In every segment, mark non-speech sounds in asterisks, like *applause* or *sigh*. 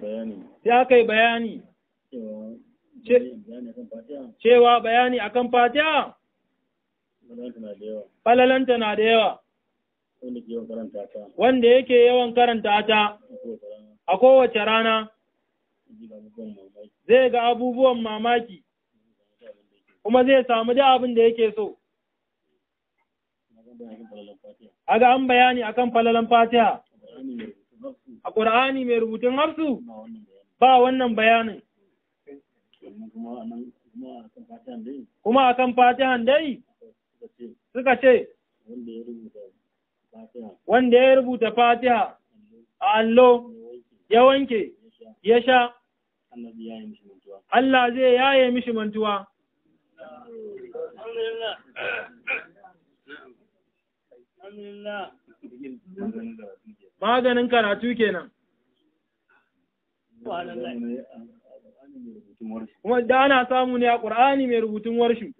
bayani cewa bayani akan Fatiha falalanta na da yawa wanda yake yawan karanta ta a kowace rana zai ga abubuwan mamaki kuma zai samu da abin da yake so a ga an bayani akan falalan fatiha a ƙur'ani mai rubutun hafsu ba wannan bayanin kuma akan fatihan dai suka ce wanda ya rubuta fatiha a allo ya wanke ya sha Allah zai yaye mishi mantuwa Alhamdulillah. maganin karatu kenan kuma da ana samu ne a ƙur'ani mai rubutun warshi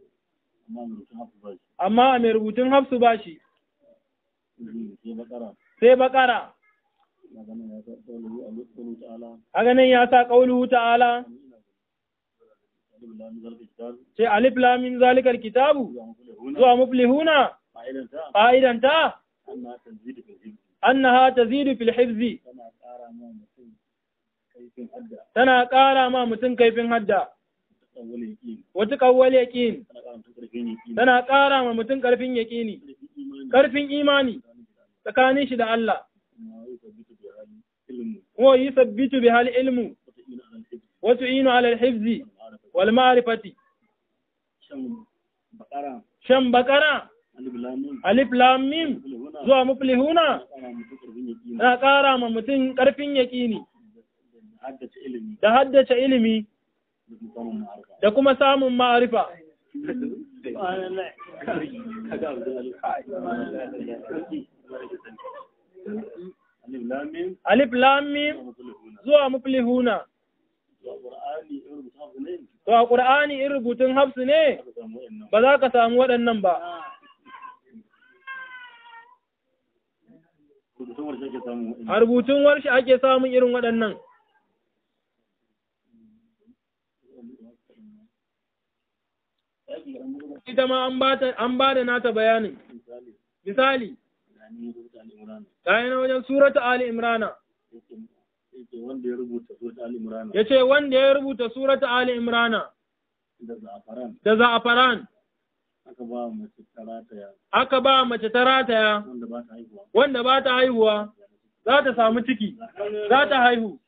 amma a mai rubutun hafsu ba shi sai bakara a ganin ya sa ƙaunuhu ta'ala ce alif lamin zalikar kitabu zuwa muflihuna fa'idanta annaha tazidu fil hifzi tana ƙara ma mutum kaifin hadda wata ƙawwal yaƙin tana ƙara ma mutum ƙarfin yaƙini ƙarfin imani tsakanin shi da Allah kuma yi sabbitu bi hal ilmu wasu inu alal wal ma'rifati shan baƙara. alif lam mim zuwa muflihuna na ƙara ma mutum ƙarfin yaƙini da haddace ilimi da kuma samun ma'arifa alif lam mim zuwa muflihuna to a ƙur'ani in rubutun hafsu ne ba za ka samu waɗannan ba ah. A rubutun warshe ake samun irin waɗannan. Ita ma an ba da nata bayanin. Misali, na wajen Suratu Ali Imrana. Ya ce wanda ya rubuta Suratu Ali Imrana. Da za'afaran. aka ba mace ta rataya aka ba mace ta rataya wanda ba ta haihuwa za ta samu ciki za ta haihu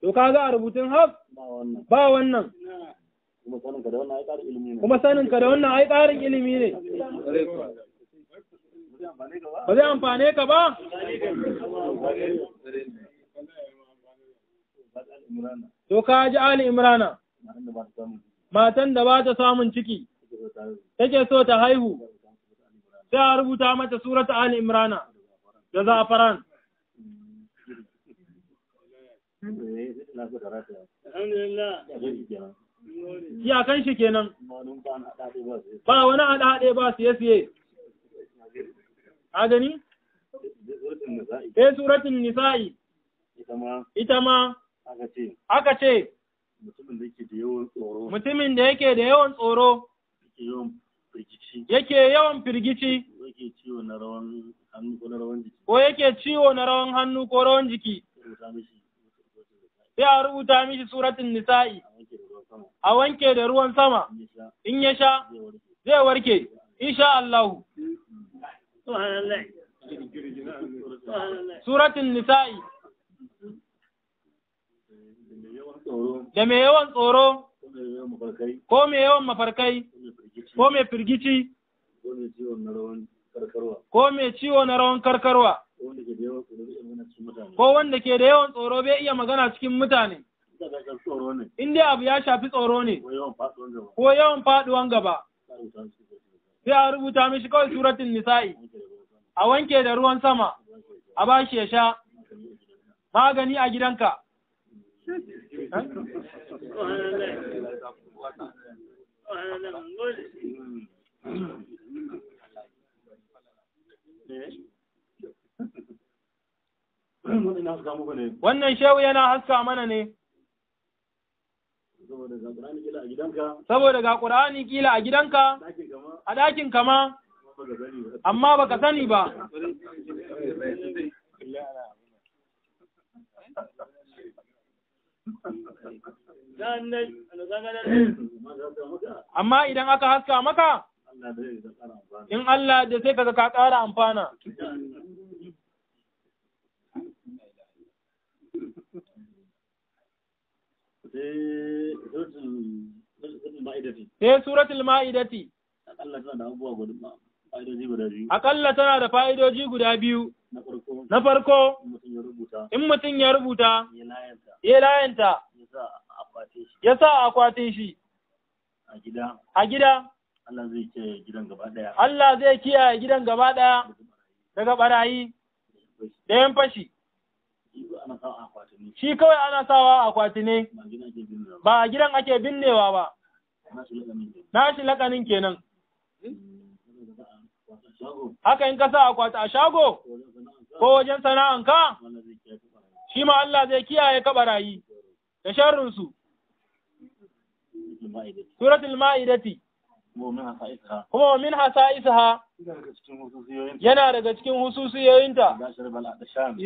To ka ga a rubutun haf? Ba wannan. ka da wannan ai ƙarin ilimi ne kuma sanin ka da wannan ai ƙarin ilimi ne ba zai amfane ka ba to ka ji ali imrana matan da ba ta samun ciki take so ta haihu sai a rubuta mata surata ali imrana da zafaran Alhamdulillah. iyakan shi kenan ba wani haɗe ba siye siye a gani eh suratun nisa'i ita ma aka ce mutumin da yake da yawan tsoro yake yawan firgici ko yake ciwo na rawan hannu ko rawan jiki sai a rubuta mishi suratun nisa'i a wanke da ruwan sama in ya sha zai warke insha Allahu suratun nisa'i da mai yawan tsoro ko mai yawan mafarkai ko mai firgici ko mai ciwo na rawan karkarwa ko wanda ke da yawan tsoro bai iya magana cikin mutane In dai abu ya shafi tsoro ne, ko yawan faɗuwan gaba, sai a rubuta mishi kawai suratun nisa'i, a wanke da ruwan sama, a ba shi ya sha magani a gidanka. Eh? *laughs* Wannan shehu yana haska mana ne. saboda ga ƙur'ani kila a gidanka a ɗakin kama amma baka sani ba amma idan aka haska maka in Allah da sai ka ka ƙara amfana sai suratul ma'idati akalla tana da fa'idoji guda biyu tana da guda biyu na farko in mutum ya rubuta ya layanta ya sa akwatin shi a gida Allah zai kiyaye gidan gaba ɗaya Allah zai kiyaye gidan gaba daya daga barayi da yan fashi Shi kawai ana sawa a akwati ne, ba a gidan ake binnewa ba. Na shi lakanin kenan. Haka in ka sa akwati a shago, ko wajen sana'anka, shi ma Allah zai kiyaye ka barayi da sharrinsu. Suratul Ma'idati. kuma wa min hasa isaha yana daga cikin hususiyoyinta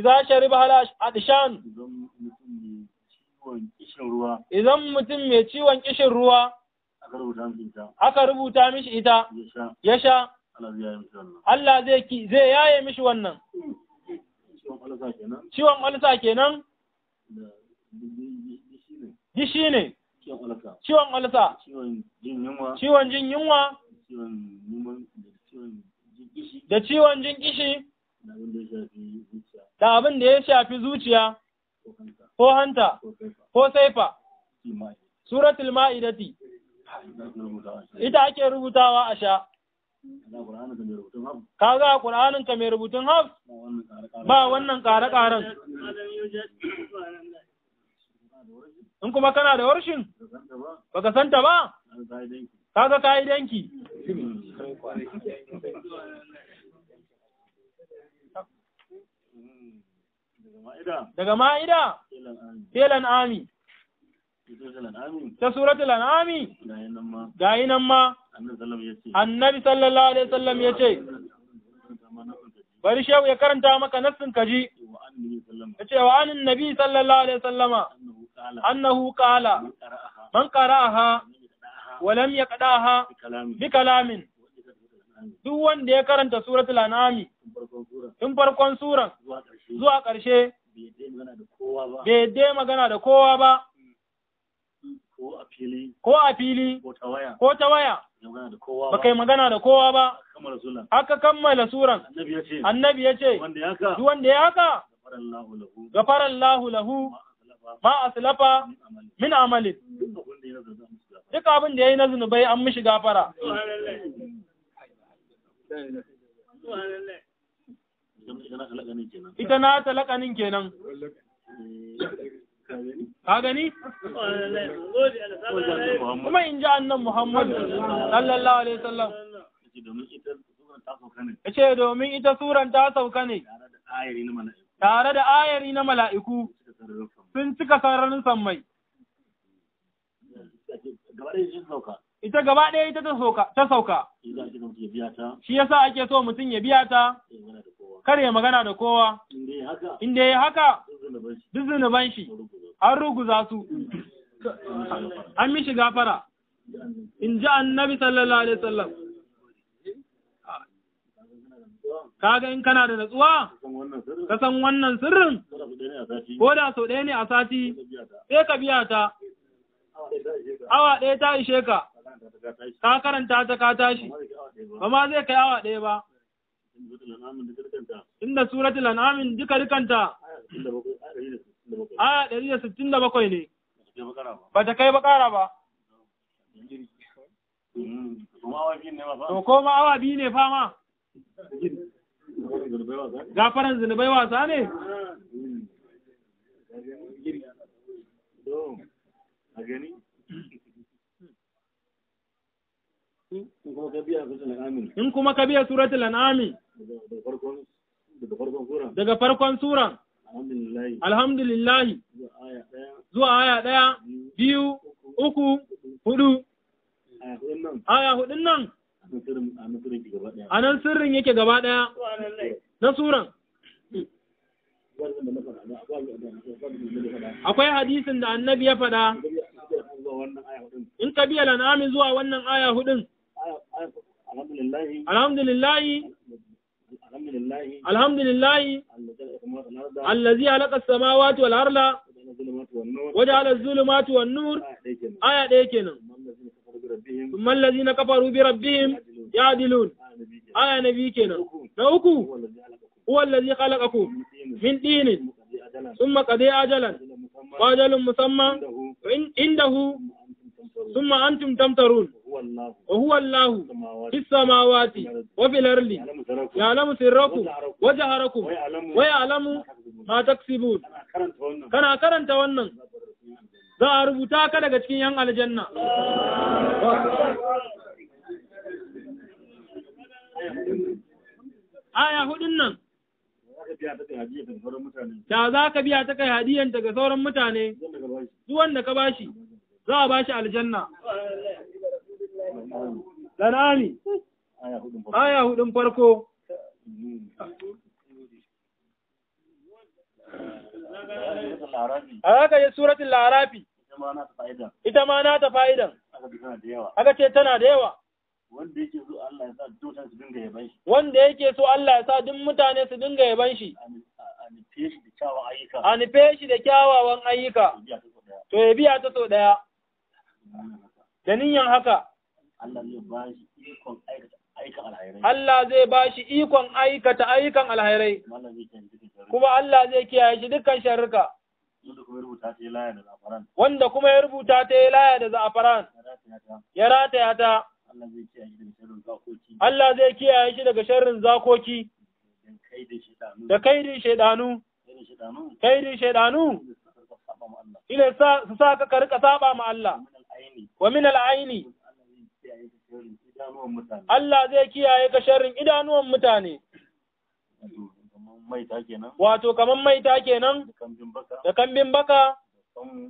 idan shariba a adshan idan mutum mai ciwon kishin ruwa aka rubuta mishi ita ya sha Allah zai yaye mishi wannan ciwon alisa kenan gishi ne ciwon olsa ciwon jin yunwa da ciwon jin kishi da abin da ya shafi zuciya ko hanta ko saifa suratul ma'idati ita ake rubutawa a sha za a ƙur'aninka mai rubutun haf ba wannan ƙare-ƙaren in kuma kana da warshin baka santa ba kaga kayi danki daga ma'ida telan ami ta suratul an'ami ga yi nan ma annabi sallallahu alaihi wasallam ya ce bari shehu ya karanta maka nassin kaji ya ce wa anin nabi sallallahu alaihi wasallama annahu qala man qara'aha wa lam yaqdaha bi kalamin duk wanda ya karanta suratul anami tun farkon suran zuwa ƙarshe bai dai magana da kowa ba ko a fili ko ta waya ba kai magana da kowa ba aka kammala suran annabi ya ce duk wanda ya haka gafarallahu lahu ma aslafa min amalin duk abin da yayi na zunubai an mishi gafara ita na talakanin kenan ka gani kuma in ji annan muhammadu sallallahu alaihi wasallam ya ce domin ita suran ta sauka ne tare da ayari na mala'iku sun cika sararin sammai. Ita gaba ɗaya ita ta sauka. Shi yasa ake so mutum ya biya ta, kar ya magana da kowa. Inda ya haka, duk zunuban shi, an ruguza su, an mishi gafara. In ji annabi sallallahu alaihi wasallam. ga in kana da natsuwa, ka san wannan sirrin. ko da sau ɗaya ne a sati sai ka biya ta awa ɗaya ta ishe ka ka karanta ta ka tashi ba ma zai kai awa ɗaya ba inda surat lan'amin duka dukanta aya ɗari da sittin da bakwai ne ba ta kai bakara ba to koma awa biyu ne fama gafaran zunubai wasa ne a gani in kuma ka biya suratul an'ami daga farkon suran alhamdulillahi zuwa aya ɗaya biyu uku hudu aya hudun nan a nan sirrin yake gaba ɗaya na suran akwai hadisin da annabi ya faɗa in ka biya amin zuwa wannan aya hudun alhamdulillahi alhamdulillahi allazi alaka samawati wal arda waja'ala az-zulumati wan nur aya ɗaya kenan ثم الذين كفروا بربهم يعدلون آية نبي كنا نوكو هو الذي خلقكم من دين ثم قضي أجلا وأجل مسمى عنده ثم أنتم تمترون وهو الله في السماوات وفي الأرض يعلم سركم وجهركم ويعلم ما تكسبون كان أكرنت ونن za a rubuta ka daga cikin yan aljanna aya hudun nan ta za ka biya ta kai hadiyan daga sauran mutane su wanda ka bashi za a bashi aljanna A aya hudun farko, a haka yi suratun larafi, Ita ma na ta fa'idan. Aka ce tana da yawa. Wanda yake so Allah ya sa dukkan su dinga yaban shi. Wanda yake so Allah ya sa duk mutane su dinga yaban shi. A nufe shi da kyawawan ayyuka. A nufe shi da kyawawan ayyuka. To ya biya ta so ɗaya. Da niyan haka. Allah zai ba shi ikon aikata alhairai. Allah zai ba shi ikon aikata ayyukan alhairai. Kuma Allah zai kiyaye shi dukkan sharrika. wanda kuma ya rubuta ta yi laya da za'afaran ya rataya ta Allah zai kiyaye shi daga sharrin zakoki da kaidin shaidanu kaidin shaidanu ila su sa ka karka saba ma Allah wa min al'aini Allah zai kiyaye ka sharrin idanuwan mutane wato kaman maita kenan da kambin baka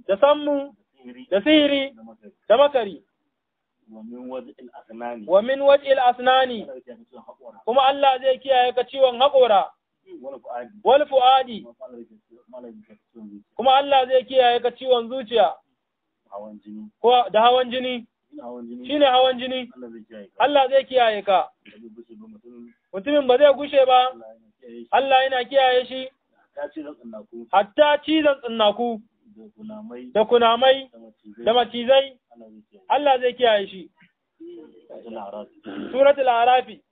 da sammu da sihiri da makari wa min waj'il asnani kuma Allah zai kiyaye ka ciwon haƙora wal fuadi kuma Allah zai kiyaye ka ciwon zuciya da hawan jini Shi ne hawan jini Allah zai kiyaye ka mutumin ba zai gushe ba Allah yana kiyaye shi hatta cizon tsinnaku da kunamai da macizai Allah zai kiyaye shi suratul arafi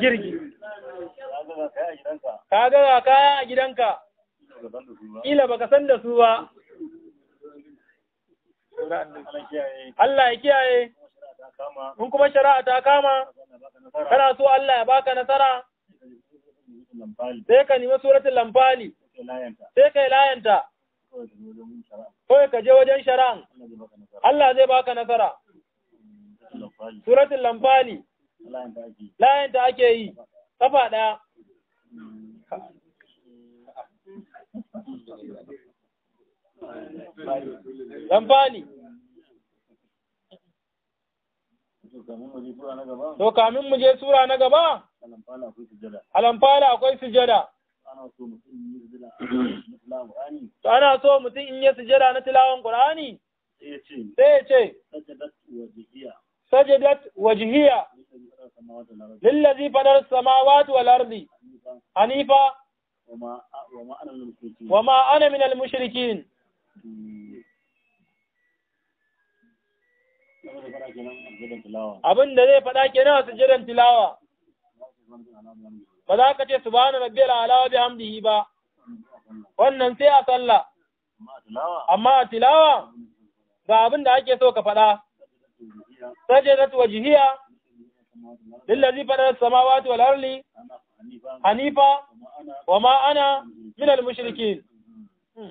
girgi ka ga kaya a gidanka ila baka san da su ba Allah ya kiyaye in kuma shari'a ta kama kana so Allah ya baka nasara sai ka nemi suratul lamfali sai ka layanta kawai ka je wajen shari'an Allah zai baka nasara suratul lamfali layanta ake yi kafa ɗaya dan fani to kamin mu je sura na gaba alamfala akwai sujada to ana so mutum in yi sujada na tilawan Kur'ani? sai ya ce sajadat wajihiya lillazi fadar samawati wal ardi hanifa wa ma ana min al mushrikin abin da zai faɗa kenan a sujudan tilawa ba za ka ce subhana rabbiyal ala wa bihamdihi ba wannan sai a sallah amma a tilawa ga abin da ake so ka faɗa tuwa wajhiya lillazi fadara samawati wal ardi hanifa wa ma ana min al mushrikin hmm.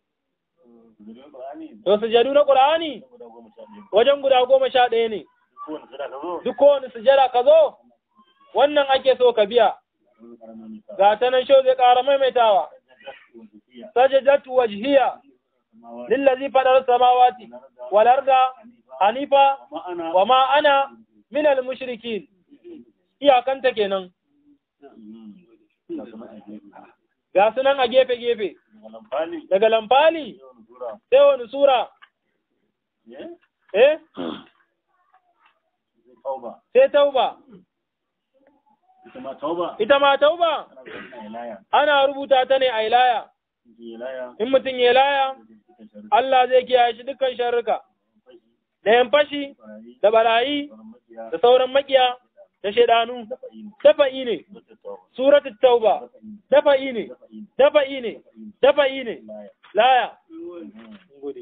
To sujadu na Qur'ani wajen guda goma sha ɗaya ne. Duk kowane sujada ka zo, wannan ake so ka biya. Ga ta nan sho zai ƙara maimaitawa. wa wajhiya lillazi faɗar samawati Walarga, hanifa wa ma'ana minal mushrikin. Iyakanta kenan. Ga sunan a gefe-gefe. Daga lamfani. sai wani sura eh, eh? sai tauba ita ma tauba ana rubuta ta ne a ilaya in mutum ya laya Allah zai kiyaye shi dukkan sharruka da yan fashi da barayi da sauran makiya da shaidanu dafa'i ne suratul tauba dafa ne dafa ne dafa ne laya gode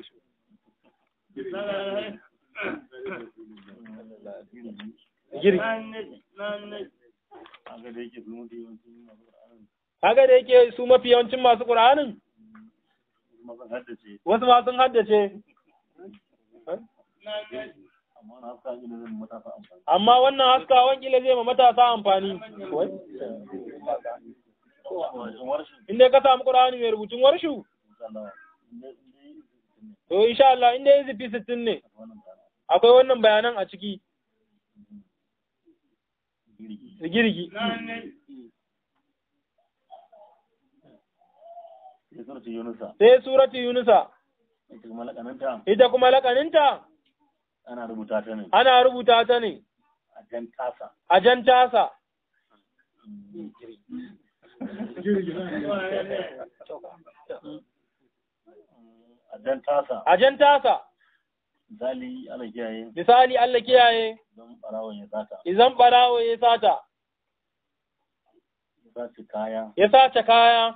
da yake su mafi yawancin masu ƙura'anin? Wasu ma sun haddace. Amma wannan haskawan kila zai ma matasa amfani. Inda ka samu ƙura'ani mai rubutun warshu? To insha Allah inda yanzu fi sittin ne, akwai wannan bayanan a ciki. Girgi. Sai surati Yunusa. Ita kuma lakaninta? Ana rubuta ta ne. Ana rubuta ta ne. A jan tasa. A mm. *laughs* a jan tasa misali Allah kiyaye misali Allah kiyaye idan ya sata idan ya sata ya sace kaya ya sace kaya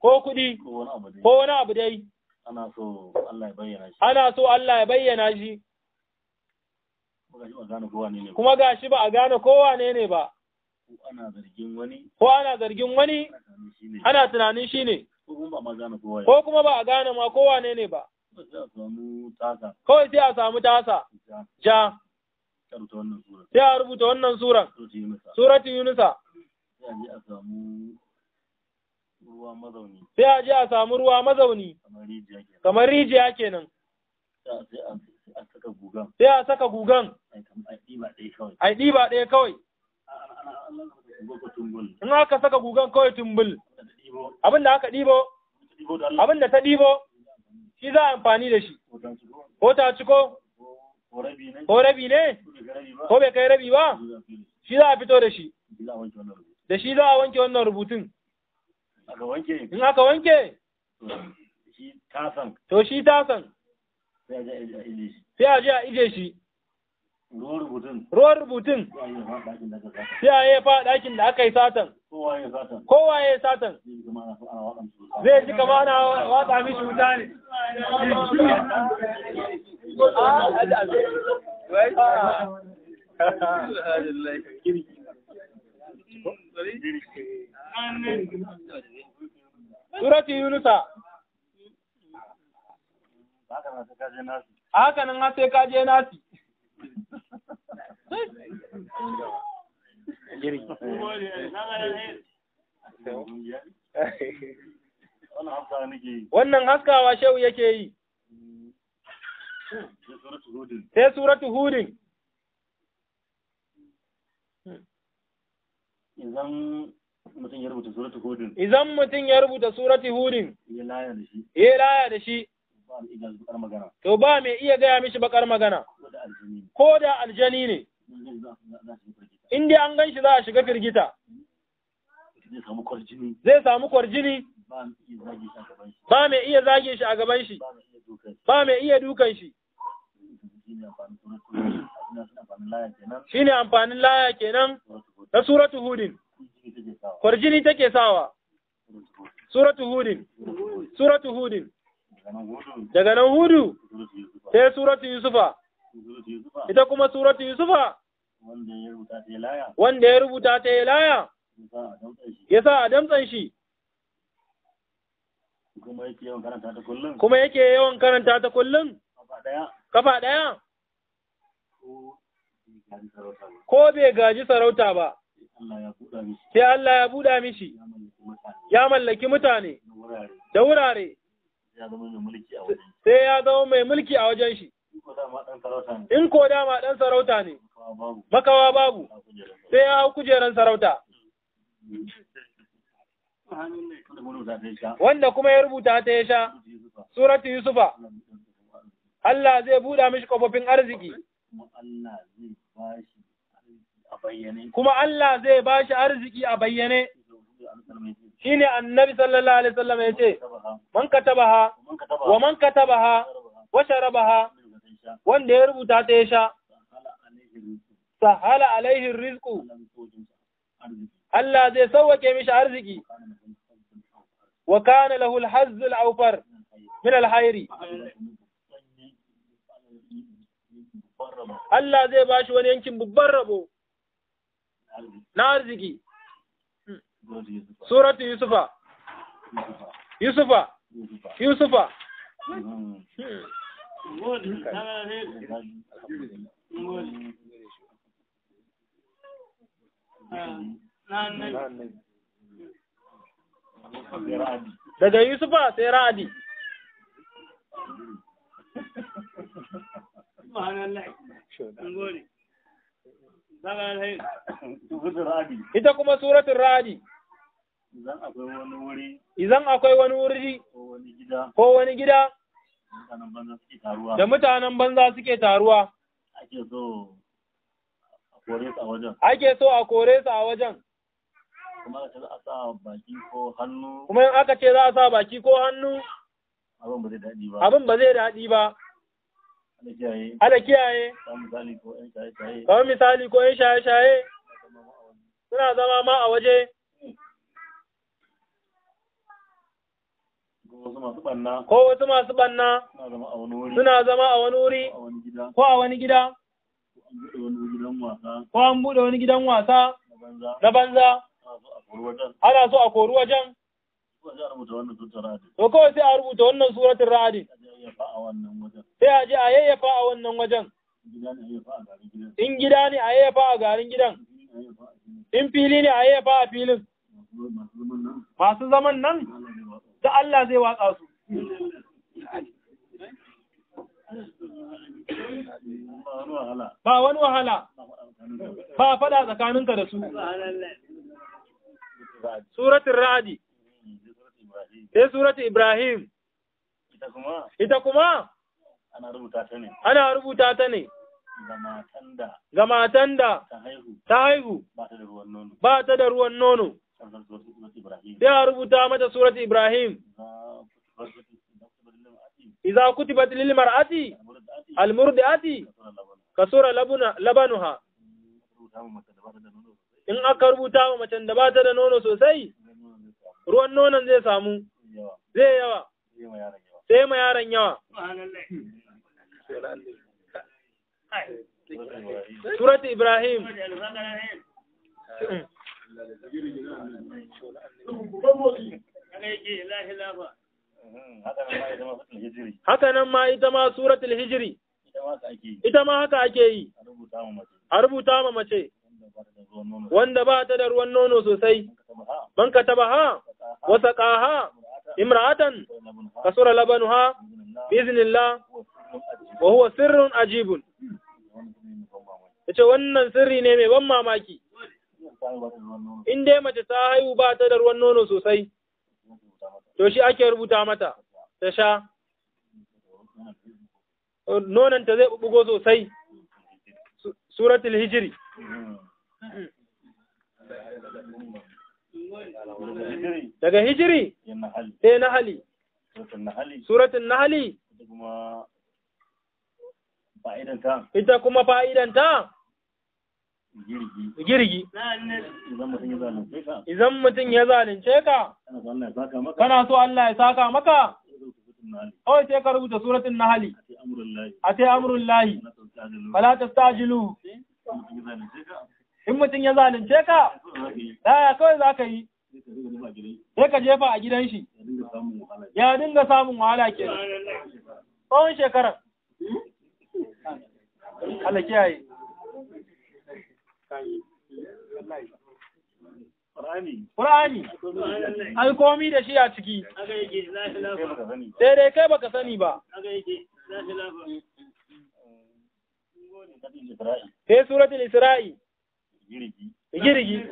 ko kuɗi ko wani abu dai ana so Allah ya bayyana shi ana so Allah ya bayyana shi kuma ba a gane kowa ne ne ba ko ana zargin wani ana tunanin shi ne ko kuma ba a gane ma kowa ne ne ba kawai sai a samu tasa ja sai a rubuta wannan suran suratu yunusa sai a je a samu ruwa mazauni kamar rijiya kenan sai a saka gugan a ɗiba ɗaya kawai in aka saka gugan kawai tumbul abin da aka ɗibo abin da ta ɗibo shi za a amfani da shi ko ta ciko ko rabi ne ko bai kai rabi ba shi za a fito da shi da shi za a wanke wannan rubutun in aka wanke to shi tasan sai a je a ije shi Ruwar rubutun sai a yi ɗakin da aka yi satan kowa ya yi satan zai ji kama na watsa mishi wuta ne Surati Yunusa Hakanan nan sai kaje nasi. wannan haskawa shehu yake yi sai suratu hudin idan mutum ya rubuta suratu hudin idan mutum ya rubuta suratu hudin ya laya da shi To ba mai iya gaya mishi bakar magana, ko da aljani ne, inda an gan shi za a shiga firgita, zai samu kwarjini, ba mai iya zage shi a gaban shi, ba mai iya dukan shi. Shi ne amfanin laya kenan na suratu hudin, kwarjini take sawa, suratu hudin, suratu hudin. daga nan hudu sai suratu yusufa ita kuma suratu yusufa wanda ya rubuta ta yi laya ya sa a damtsan shi kuma yake yawan karanta ta kullum kafa ɗaya ko bai gaji sarauta ba sai Allah ya buɗa mishi ya mallaki mutane da wurare ya mai mulki a wajen sai ya zama mai mulki a wajen shi in ko dama dan sarauta ne makawa babu sai ya hau kujeran sarauta wanda kuma ya rubuta ta ya sha suratu yusufa Allah zai buɗa mishi kofofin arziki kuma Allah zai ba shi arziki a bayyane shine annabi sallallahu alaihi wasallam ya ce man katabaha wa man katabaha wa sharabaha wanda ya rubuta ta yasha sha sahala alaihi rizqu Allah zai sauwake mishi arziki wa kana lahu al-hazz al-awfar min al-hayri Allah zai bashi wani yankin babban rabo na arziki suratu yusufa yusufa yusufa hmm. daga yusufa sai ra'adi ita kuma suratun ra'adi Idan akwai wani wuri. Ko wani gida. banza suke taruwa. Da mutanen banza suke taruwa. Ake so a kore su a wajen. Kuma aka in aka ce za a sa baki ko hannu. Abin ba zai daɗi ba. Abin Ala kiyaye. Kamar misali ko ‘yan shaye-shaye. Suna zama ma a waje. ko wasu masu banna suna zama a wani wuri ko a wani gida ko an buɗe wani gidan wasa na banza ana so a kori wajen to kawai sai a rubuta wannan suratun ra'adi sai a je a yayyafa a wannan wajen in gida ne a yayyafa a garin gidan in fili ne a yayyafa a filin masu zaman nan da Allah zai watsa su ba wani wahala ba fada tsakaninka da su suratun ra'adi sai suratun ibrahim ita kuma ana rubuta ta ne ga matan da ta haihu ba ta da ruwan nono sai a rubuta mata surat Ibrahim. Iza kutibat lil mar'ati almurdiati kasura labanuha in aka rubuta wa macen da bata da nono sosai ruwan nonon zai samu zai yawa sai ma yaron yawa surat Ibrahim haka nan ma ita ma suratul hijri ita ma haka ake yi a rubuta ma mace wanda ba ta da ruwan nono sosai man ka taba ha wasa ha imra'atan kasura labanu ha biznillah wa huwa sirrin ajibun Ita wannan sirri ne mai ban mamaki in dai mace ta haihu ba ta da ruwan nono sosai to shi ake rubuta mata ta sha nonon ta zai bugo sosai suratul hijiri daga hijiri sai nahali suratun nahali ita kuma fa'idanta girgi idan mutum ya zalunce ka kana so Allah ya saka maka kawai sai ka rubuta suratun nahali a ce amurin lahi fala ta stajilu eh? in mutum ya zalunce ka daya kawai za ka yi sai ka jefa a gidan shi ya dinga samun wahala ke tsawon shekarar hmm? Allah kiyaye Ƙur'ani, an komi da shi a ciki, sai dai kai baka sani ba. Sai suratul Isra'i, girgi, girgi,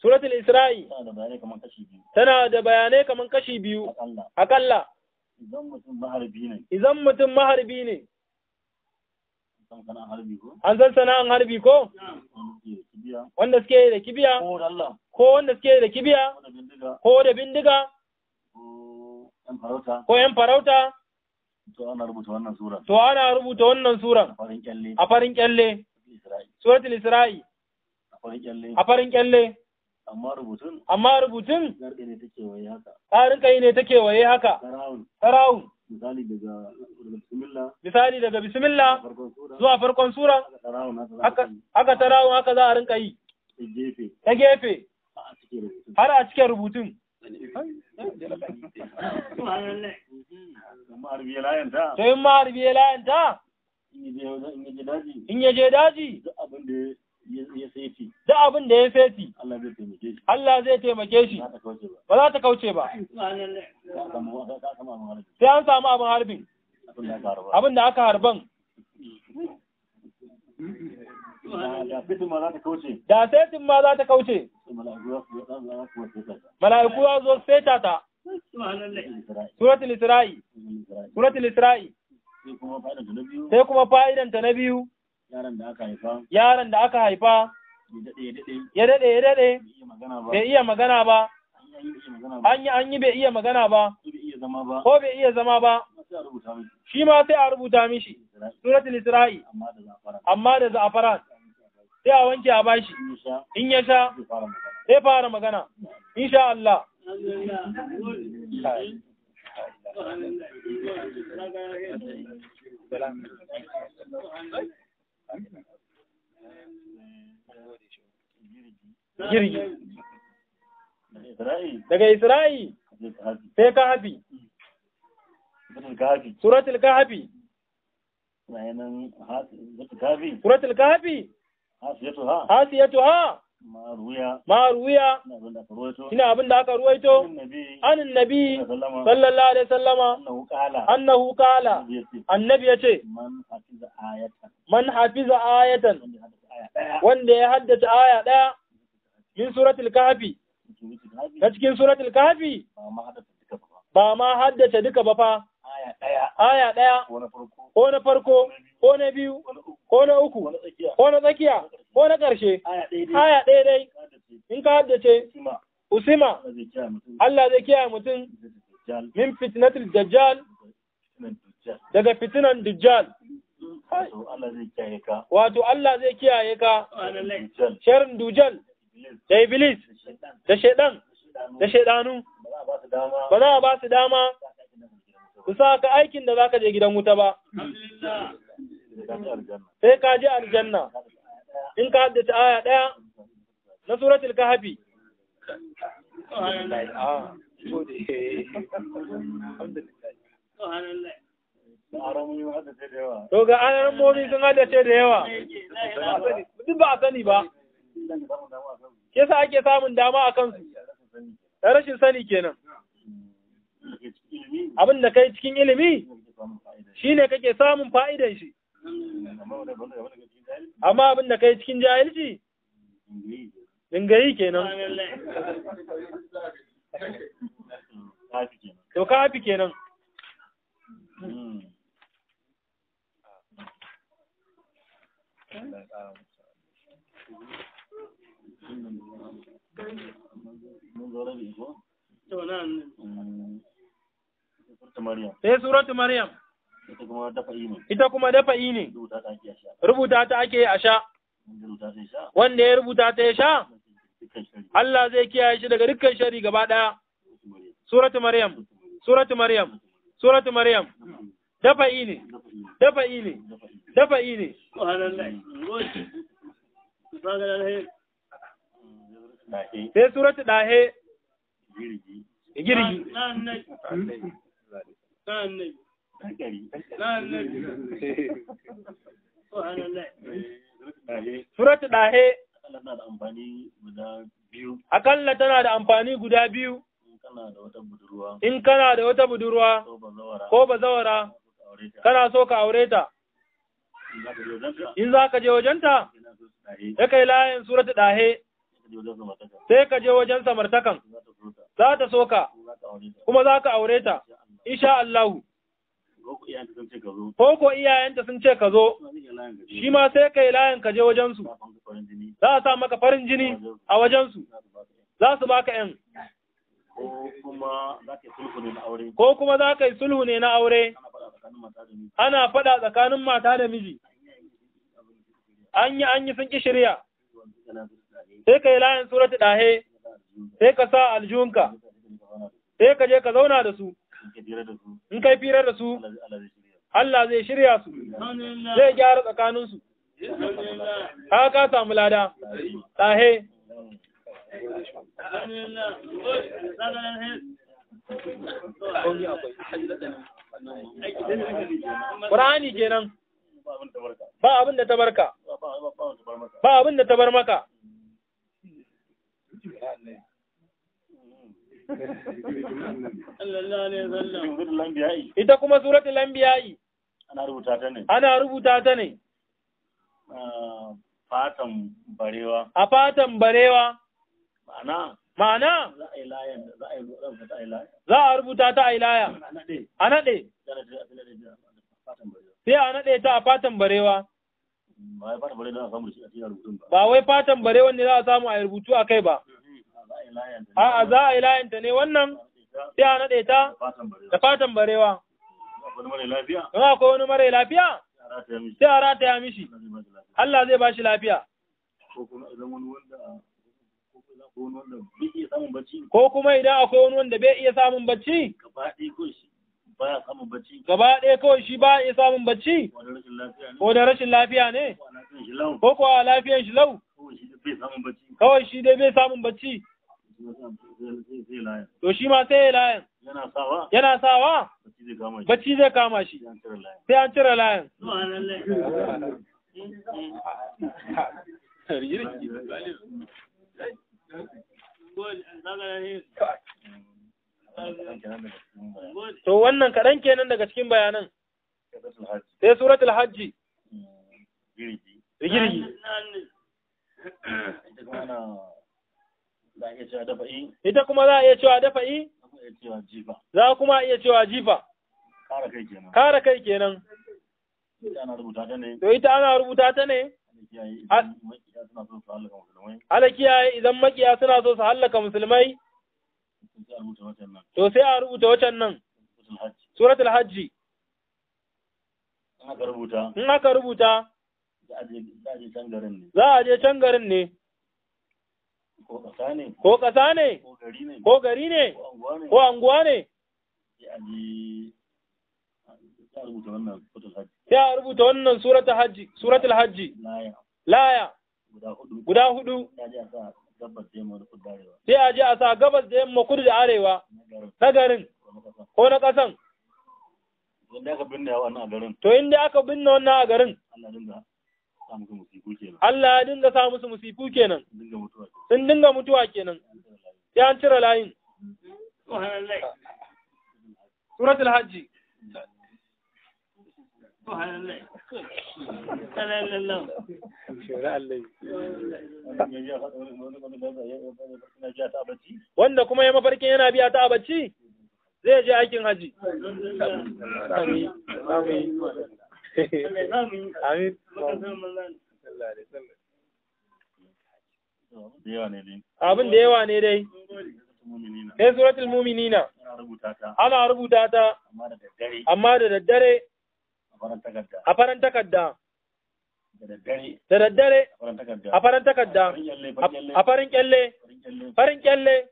suratul Isra'i, tana da bayanai kaman kashi biyu, akalla. Idan mutum maharbi ne. Idan mutum maharbi ne. An san sana'an harbi ko? Wanda suke da kibiya. Ko wanda suke da kibiya. Ko da bindiga. Ko ‘yan farauta. To ana rubuta wannan suran. A farin kyalle. Suratul Isra'i. A farin kyalle. amma rubutun amma rubutun garɗe ne take waye haka ƙarin ne take waye haka tarawun misali daga bismillah misali daga bismillah zuwa farkon sura haka tarawun haka za a rinka yi ta gefe har a cikin rubutun to yi ma harbi layanta in ya je daji ya seti duk abin da ya seti Allah zai taimake shi Allah zai taimake shi ba za ta kauce ba sai an samu abin harbin abin da aka harban da setin ma za ta kauce mala'iku za zo seta ta suratul isra'i suratul isra'i sai kuma fa'idanta na biyu yaron da aka haifa ya daɗe ya daɗe bai iya magana ba an yi an yi bai iya magana ba ko bai iya zama ba shi ma sai a rubuta mishi suratul isra'i amma da za'afara sai a wanke a bashi in ya sha sai fara magana insha Allah Thank you. Jirgi. Daga Isra'i. Sai ka hafi. Suratul Kahfi. Suratul Kahfi. Hasiyatu ha. Hasiyatu ha. maruya ina abin da aka ruwaito anin nabi sallallahu alaihi sallama annahu kala annabi ya ce man hafiza ayatan wanda ya haddace aya ɗaya min suratul kahfi na cikin suratul kahfi ba ma haddace duka ba fa aya ɗaya ko na farko ko na biyu ko na uku ko na tsakiya ko na ƙarshe aya ɗaya dai in ka haddace usima Allah zai kiyaye mutum min fitnatul dajjal daga fitinan dajjal wato Allah zai kiyaye ka sharin dujal da iblis da shaidan da shaidanu ba za a ba su dama ku sa ka aikin da za ka je gidan wuta ba sai ka je aljanna in ka haddace aya ɗaya na suratul kahfi To ga anan momi sun haddace da yawa. Duk ba a sani ba. Ke sa ake samun dama a kansu. Da rashin sani kenan. Abin da kai cikin ilimi shine kake samun fa'idan shi. amma abin da kai cikin jahilci dingayi kenan to ka fi kenan sai suratu maryam Ita kuma dafa'i ne. Ita kuma dafa'i ne. Rubuta ta ake a sha. Wanda ya rubuta ta ya sha. Allah zai kiyaye shi daga dukkan shari gaba ɗaya. Suratu Maryam. Suratu Maryam. Suratu Maryam. Dafa'i ne. Dafa'i ne. Dafa'i ne. Sai suratu ɗahe. Girgi. Girgi. Suratu ɗahe. Akalla tana da amfani guda biyu. In kana da wata budurwa. Ko bazawara. Kana so ka aure ta. In za ka je wajenta. Ya kai layin suratu ɗahe. Sai ka je wajen samartakan. Za ta so ka. Kuma za ka aure ta. Insha Allahu. ko ko iyayenta sun ce ka zo shi ma sai kai layin ka je wajensu, za a sa maka farin jini a wajensu. za su baka yan ko kuma za ka yi sulhu ne na aure ana faɗa tsakanin mata da miji an yi an yi sun ƙi shirya sai ka yi layin suratu ɗahe sai ka sa aljihunka sai ka je ka zauna da su in kai fira da su Allah zai shirya su zai gyara tsakaninsu ka ka samu lada tahe Qur'ani kenan ba abin da ta barka ba abin da ta bar maka ita kuma surat lambiyayi. ana rubuta ta ne ana rubuta ta ne fatan barewa a fatan barewa ma'ana ma'ana za a rubuta ta a ilaya a naɗe sai a naɗe ta a fatan barewa ba wai fatan barewa ne za a samu a rubutu a kai ba A'a za a yi layanta ne wannan sai a naɗe ta da fatan barewa. In akwai wani mara lafiya? Sai a ya mishi. Allah zai ba shi lafiya. Ko kuma idan akwai wani wanda bai iya samun bacci? Gaba ɗaya kawai shi ba iya samun bacci? Ko da rashin lafiya ne? Ko kuwa lafiyan shi lau? Kawai shi dai bai samun bacci. to shi ma sai ya layan yana sawa bacci zai kama shi sai an cire layan To wannan kaɗan kenan daga cikin bayanan. Sai suratul hajji. Rigirgi. Ita kuma za a iya cewa dafa dafa'i? Za kuma iya cewa jifa. Kara kai kenan. kai kenan. To ita ana rubuta ta ne? Ala kiyaye idan makiya suna so su hallaka musulmai. To sai a rubuta wacan nan. Suratul Hajji. In aka rubuta. In aka rubuta. Za a je can garin ne. ko ƙasa ne ko gari ne ko anguwa ne sai a rubuta wannan suratul hajji laya guda hudu sai a je a sa gabas da yamma kudu da arewa na garin ko na ƙasan to inda aka binne wannan a garin Allah ya dinga sa musu musifu kenan. Sun dinga mutuwa kenan. Sai an cire layin. Suratul Hajji. Wanda kuma ya mafarkin yana biya ta a zai je aikin haji. Abin da yawa ne dai. Sai suratul muminina. Ana rubuta ta. Amma da daddare. A faran takarda. Da daddare. A faran takarda. A farin kyalle. Farin kyalle.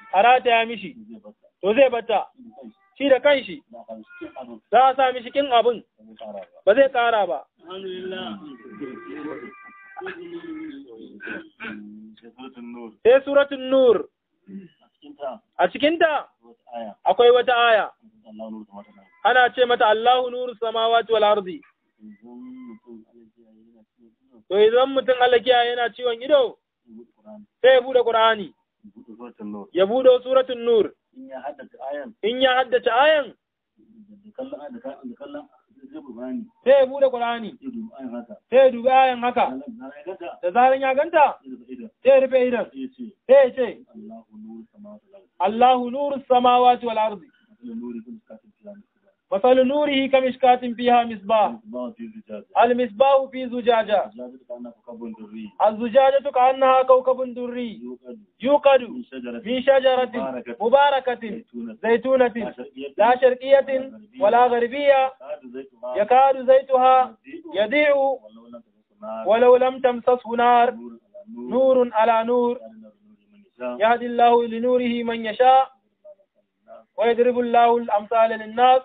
a rataya mishi, to zai bata, shi da kanshi, za a sa mishi kin abin, ba zai ƙara ba. Sai suratun Nur, a cikinta akwai wata aya, ana ce mata Allahu nuru samawati wal ardi. To idan mutum allakiya yana ciwon ido, sai ya bude Qur'ani. ya buɗo suratun nur in ya haddace ayan sai ya buɗe ƙur'ani sai ya dubi ayan haka da zaran ya ganta sai ya rufe idan sai ya ce Allahu nuru samawati wal ardi مثل نوره كمشكات فيها مصباح المصباح في زجاجة الزجاجة كأنها كوكب دري يوقد من شجرة مباركة زيتونة لا شرقية ولا غربية يكاد زيتها يضيع ولو لم تمسسه نار نور على نور يهدي الله لنوره من يشاء ويضرب الله الأمثال للناس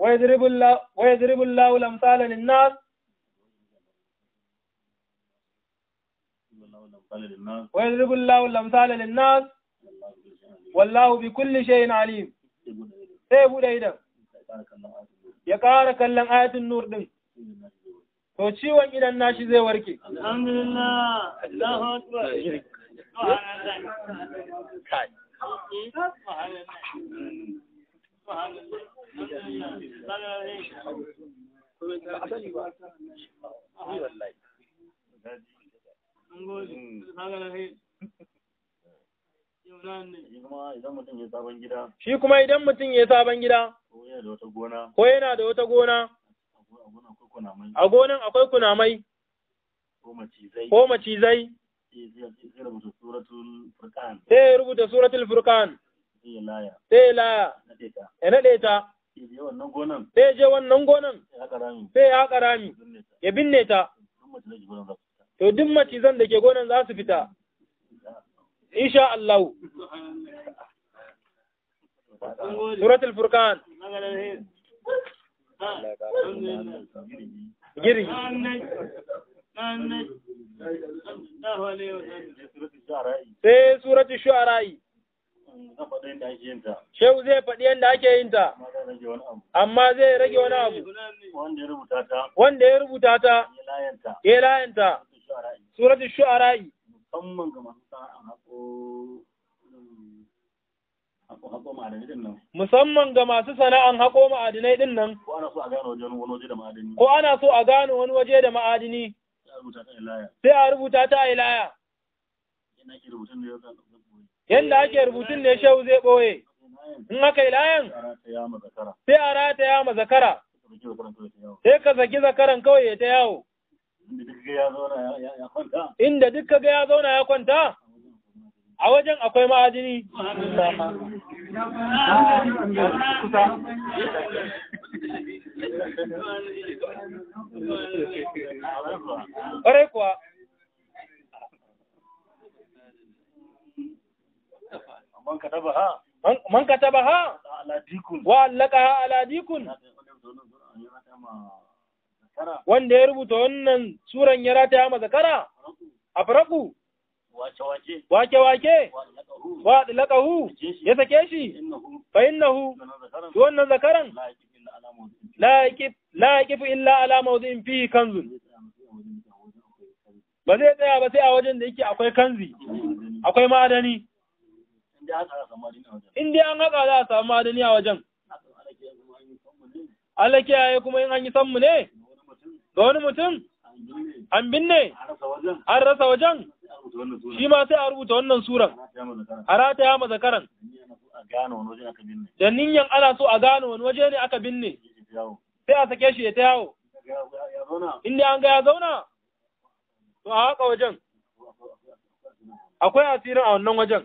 ويضرب الله ويضرب الله الأمثال للناس ويضرب الله الأمثال للناس والله بكل شيء عليم سيبو ليدا يقارك اللهم آية النور دم توشي وان إلى الناس زي وركي الحمد لله الله أكبر سبحان الله Shi kuma idan mutum ya sabon gida, ko yana da wata gona, a gonan akwai kunamai, ko macizai, sai ya rubuta suratul furkan, sai ya laya, ya naɗe ta. sai je wannan gonan sai ya haƙa rami ya binne ta to duk macizan da ke gonan za su fita insha Allah suratul Furkan. girgi sai suratul shu'ara'i Shehu zai faɗi yadda ake yin ta. Amma zai rage wani abu. Wanda ya rubuta ta. Ya ta. layanta. Suratu shu'ara'i. Musamman ga masu sana'an haƙo ma'adinai din nan. Musamman ga masu sana'an haƙo ma'adinai din nan. Ko ana so a gano wani waje da ma'adini. Ko ana so a gano wani waje da ma'adini. Sai a rubuta ta a ilaya. Ina ke rubutun da ya Yanda ake rubutun ne shehu zai ɓoye in aka yi layan sai a rataya ma zakara sai ka zaki zakaran kawai ya ta yawo inda duk ga ya zauna ya kwanta a wajen akwai ma'ajini. ƙwarai kuwa man katabaha man katabaha ala wa allaqaha ala dikun wanda ya rubuta wannan suran ya rataya ma zakara afraku wake wake wa laqahu ya sake shi fa innahu wannan zakaran la yaqif la yaqif illa ala mawdin fi kanzu. ba zai tsaya ba sai a wajen da yake akwai kanzi akwai ma'adani in dai an haka za a samu madani a wajen Allah kiyaye kuma in an yi ne ga wani mutum an binne an rasa wajen shi ma sai a rubuta wannan suran a rataya maza karan. da ninyan ana so a gano wani waje ne aka binne sai a sake shi ya ta yawo dai an ga ya zauna to a haka wajen akwai asirin a wannan wajen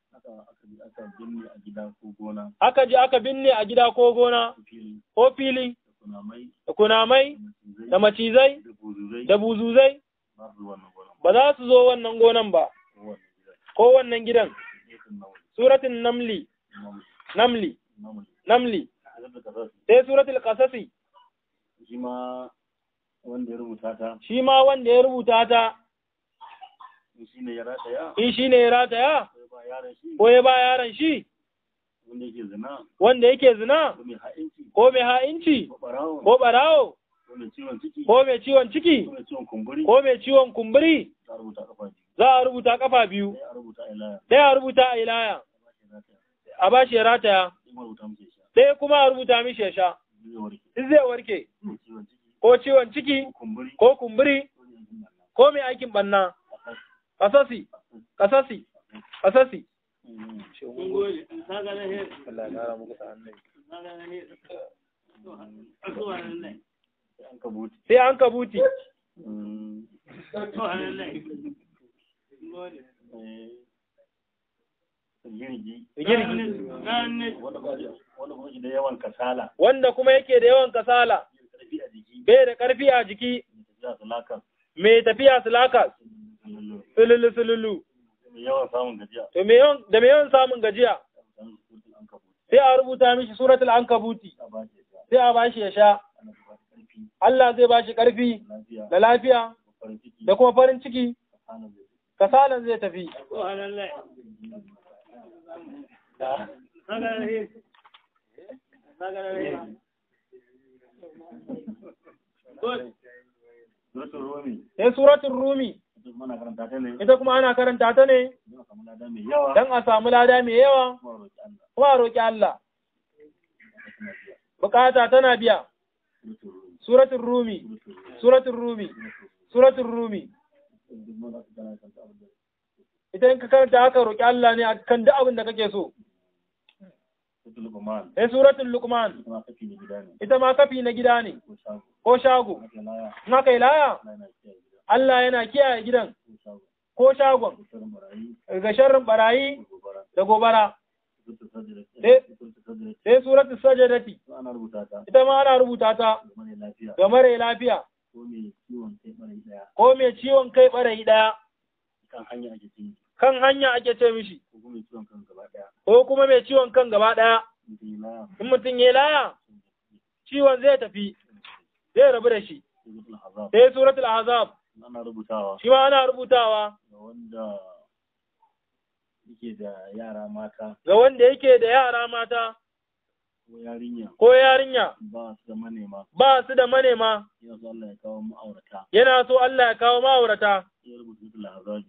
aka ji aka binne a gida ko gona ko fili da kunamai da macizai da buzuzai ba za su zo wannan gonan ba ko wannan gidan suratin namli namli namli sai suratul kasasi shi ma wanda ya rubuta ta in shi ne ya rataya ko ya ba yaron shi wanda yake zina ko mai ha'inci ko barawo ko mai ciwon ciki ko mai ciwon kumburi za a rubuta kafa biyu ɗaya a rubuta a ilaya a ba shi ya rataya ɗaya kuma a rubuta mishi ya sha in zai warke ko ciwon ciki ko kumburi ko mai aikin banna kasasi kasasi kasasi sai an buti. wanda kuma yake da yawan kasala bai da ƙarfi a jiki mai tafiya sulakas sululu sululu to me yawan da me yawan samun gajiya sai a rubuta mishi suratul ankabuti sai a bashi ya sha Allah zai bashi karfi da lafiya da kuma farin ciki kasalan zai tafi sai eh. suratun rumi eh, ita kuma ana karanta ta ne don a samu lada mai yawa kuma a roƙi Allah bukata tana biya suratun rumi suratun rumi suratun rumi ita in ka karanta haka roƙi Allah ne a kan duk abin da kake so sai suratun lukman ita ma kafi na gida ne ko shago na kai laya Allah yana kiyaye gidan ko shagon ga sharrin barayi da gobara. Eh, sai suratul sajadati ita ma ana rubuta ta ga mare lafiya ko mai ciwon kai barayi ɗaya kan hanya ake ce mishi ko kuma mai ciwon kan gaba ɗaya in mutum ya laya ciwon zai tafi zai rabu da shi sai suratul azab Ana rubutawa. Shi ma ana rubutawa. Ga wanda yake da yara mata. Ga wanda yake da yara mata. Ko yarinya. Ko yarinya. Ba su da manema. Ba su da manema. Yana so Allah ya kawo ma'aurata. Yana so Allah ya kawo ma'aurata.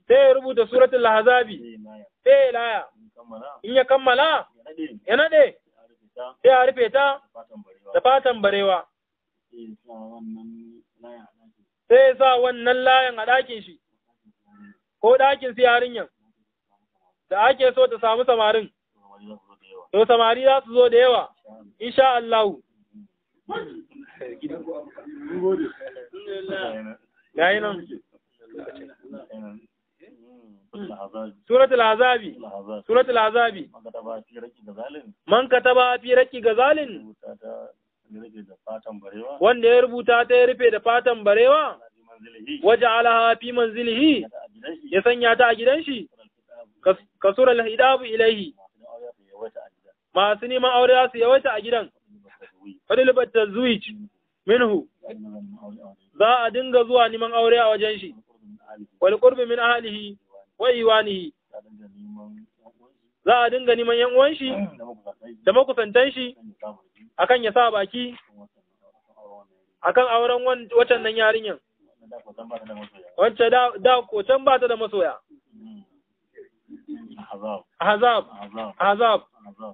Sai ya rubuta suratul lahazabi. Sai ya laya. In ya kammala. Ya nade. Sai a rufe ta. Da fatan barewa. Sai ya sa wannan laya. sai ya sa wannan layin a ɗakin shi, ko ɗakin su yarinyar, da ake so ta samu samarin, to samari za su zo da yawa, insha Allahu. Yayi nan. Suratul Azabi Suratul Azabi Man kataba fi raki gazalin wanda ya rubuta ta ya rufe da fatan barewa waje alaha fi manzilihi ya sanya ta a gidan shi kasural hidabu ilaihi masu neman aure za su ta a gidan fadilbat tazwij minhu za a dinga zuwa neman aure a wajen shi wal qurbi min ahlihi wa iwanihi za a dinga neman yan uwan da makusantan shi akan ya sa baki akan auren wancan nan yarinyan wacce da ko can ba ta da masoya azab azab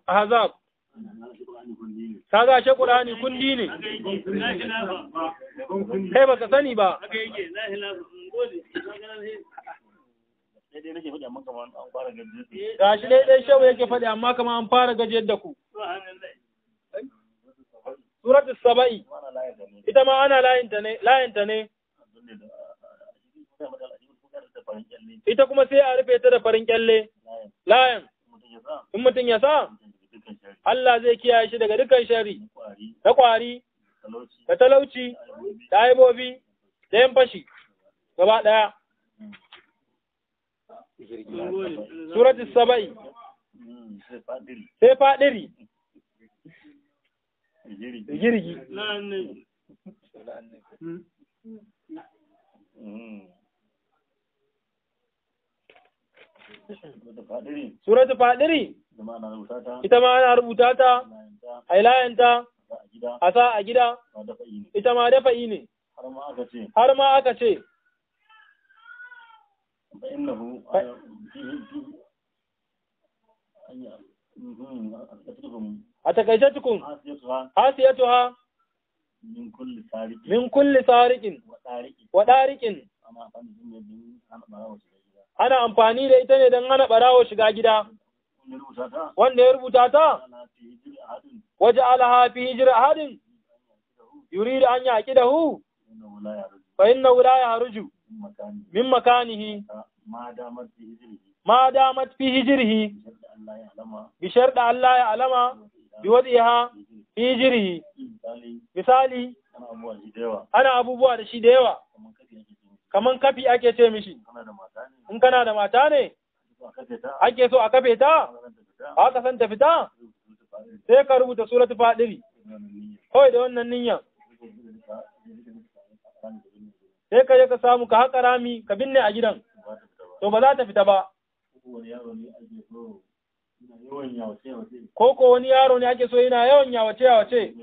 azab ka ga shi Qur'ani kundi ne kai baka sani ba haka dai-dai hilafu yake faɗi amma kamar an fara gajiyar da ku suratu saba'i ita ma ana layinta ne ne ita kuma sai a rufe ta da farin kyalle layin in mutum ya sa Allah zai kiyaye shi daga dukkan shari da kwari da talauci da aibobi da yan fashi gaba daya mm. suratu saba'i mm. sai fadiri igirigi suratu fadiri ita ma ana rubuta ta a ilayanta a sa a gida ita ma dafa'i ne har ma aka ce fa'innahu a takaice tukun hasiyatuha min kulli sariqin wa dariqin ana amfani da ita ne don hana barawo shiga gida wanda ya rubuta ta waje alhafi fi hijira hadin yuri da an yaƙi da hu fa inna wula ya haruju min makanihi ma damat fi hijirhi bishar da Allah ya alama bi wadiha misali ana abubuwa da shi da yawa kaman kafi ake ce mishi in kana da mata ne ake so a kafe ta ka san ta fita sai ka rubuta suratu fadiri kawai da wannan niyyar sai ka je ka samu ka haƙa rami ka binne a gidan to ba za ta fita ba ko ko wani yaro ne ake so yana yawan yawace yawace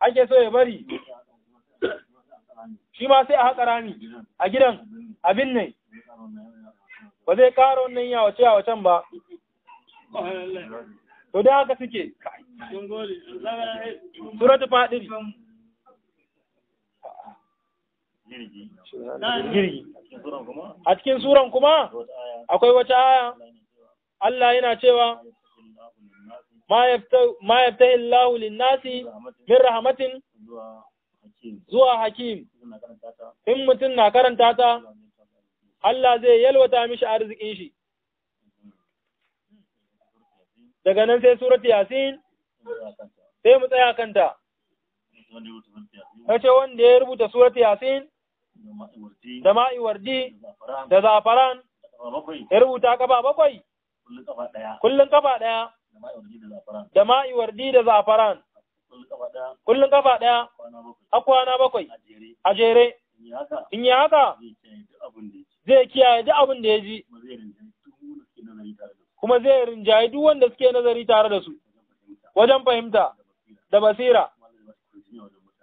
ake so ya bari shi ma sai a haƙa rami a gidan abin ne ba zai ƙara wannan yawace yawacen ba to dai haka suke suratu faɗiri a cikin suran kuma akwai wata aya Allah yana cewa ma lahulin nasi linnasi min rahmatin zuwa hakim in mutum na karanta ta Allah zai yalwata mishi arzikin shi daga nan sai surat yasin sai mu tsaya kanta ce wanda ya rubuta surat yasin da ma'iwardi da zafaran ya rubuta kafa bakwai kullum kafa ɗaya jama'i wardi da zafaran kullum kafa ɗaya a kwana bakwai a jere in yi haka zai kiyaye duk abin da ya ji kuma zai rinjaye duk wanda suke nazari tare da su wajen fahimta da basira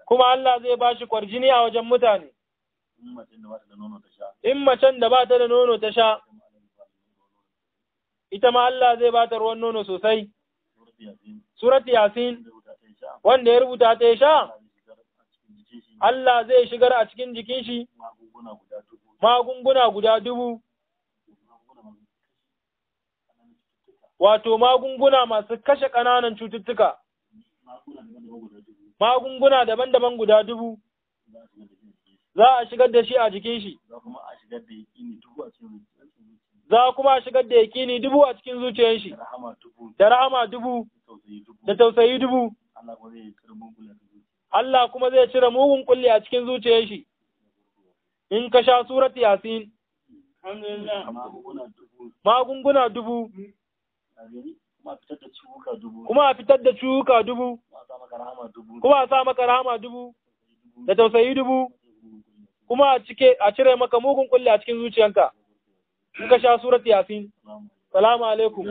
kuma Allah zai ba shi kwarjini a wajen mutane in macen da ba ta da nono ta sha ita ma Allah zai ba ta ruwan nono sosai. Surati Yasin, wanda ya rubuta ta ya sha, Allah zai shigar a cikin jikin shi magunguna guda dubu. Wato magunguna masu kashe ƙananan cututtuka, magunguna daban-daban guda dubu, za a shigar da shi a jikin shi. za kuma shigar da yakini dubu a cikin zuciyar shi da rahama dubu da tausayi dubu Allah kuma zai cire mugun kulli a cikin zuciyar shi in ka sha surat yasin magunguna dubu kuma a fitar da cuka dubu kuma a sa maka rahama dubu da tausayi dubu kuma a cire maka mugun kulli a cikin zuciyanka in ka sha surat yasin salamu alaikum